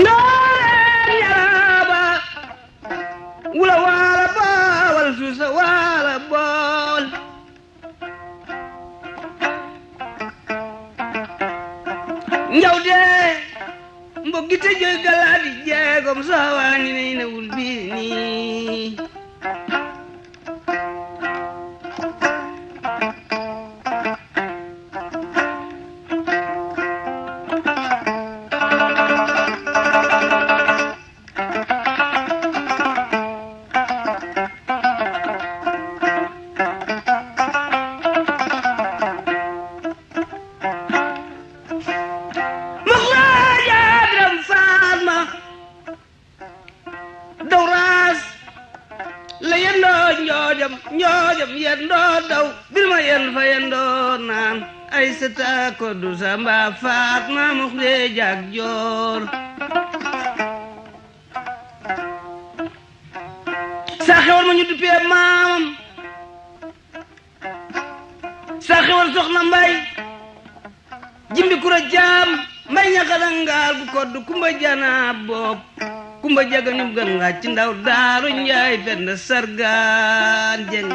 ndooleen yaraaba wula waala baawal suusa waala bool njawdee mbogite joy galaadi jeegom saawaani nay na wul biir tooj njoojam njoojam daw birma yen fa yen naan ay sata ko du samba faat ma mux dee jag joor sa xewal ma ñu duppee maamam sa xewal soxna mbay jimbi kura jaam mbay ñaxalangaal gu kodd kumba janaab bopp kumba jaganum gan nga ci ndaw daaru njaay benn sargaan jeng